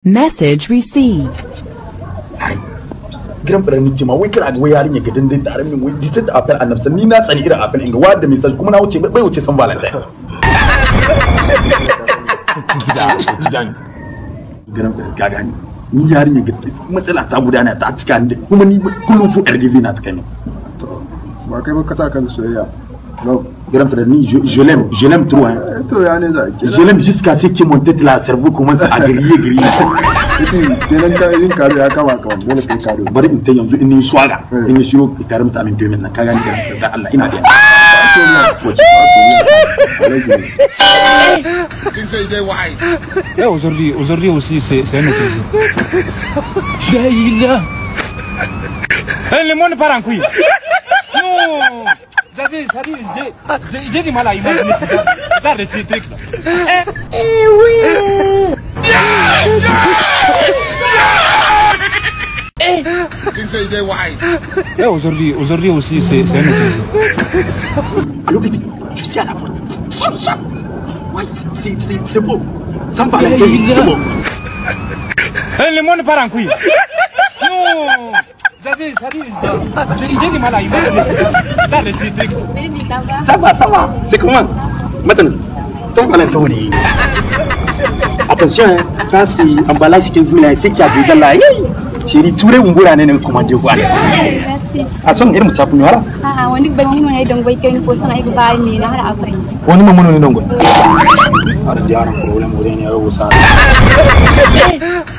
Message received. Gidan ƙaramin ce ma wai kira ga tare min wai ni na tsani irin inga wa da message kuma na wuce bai wuce san valentine. Gidan gidan matsala ta gudana ta cika ni kuma ni kullum fu RDV na ta kai ne. Ba kai ba ka sa kan soyayya. Love. grand frère, je, l'aime, je l'aime trop. Hein. Je l'aime jusqu'à ce que mon tête, là, cerveau commence à griller, griller. aujourd'hui aussi j'ai du mal à imaginer Regarde ces trucs là. Eh, eh oui Eh aujourd'hui, aujourd'hui aussi, c'est un autre Allo bébé, je suis à la porte Ouais, c'est beau. Sans parler, c'est beau. Eh, eh, le monde part en couille. Zaten senin idan ma layi da da ce dai. Sama sama sai kuma matan sun falanta wuri. Attention ça c'est emballage 15 000 c'est qui a vu dans la shiri ture umbura ne ne kuma dai kwa. A son irin mutafu ne wala? A'a wani ban nuna ne dangwai kai ko sana ai ba ne na har akwai. on mamunu ne dangwai. Har da yaran problem wurin ne ya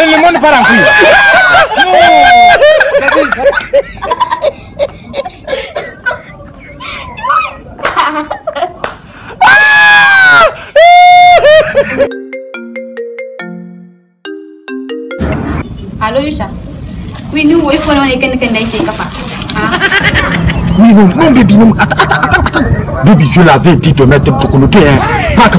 Ele manda para aqui. Alô, Yusha. Oui, nous, il faut aller quelqu'un não, não Oui, non, non, bébé, non. Attends, attends, attends. Bébé, je l'avais dit de mettre beaucoup de Pas que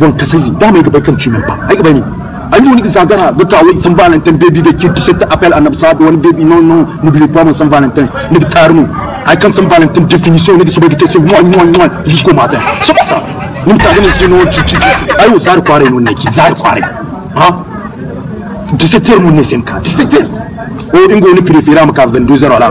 wanka sai da mai gabai kan cimin ba ai gabai ne an yi wani zagara ga kawo san valentine baby da ke tishe ta apel annabi sabu wani baby no no n'oublie pas mon san valentine ne da tarmu ai kan san valentine definition ne da sabai ta ce wan wan wan jusqu'au matin c'est pas ça mun ta ganin sai no cici ai wo zar kware no ne ki zar kware ha 17 heures mon ne sem ka 17 heures o ingo ni préféré am ka 22 heures là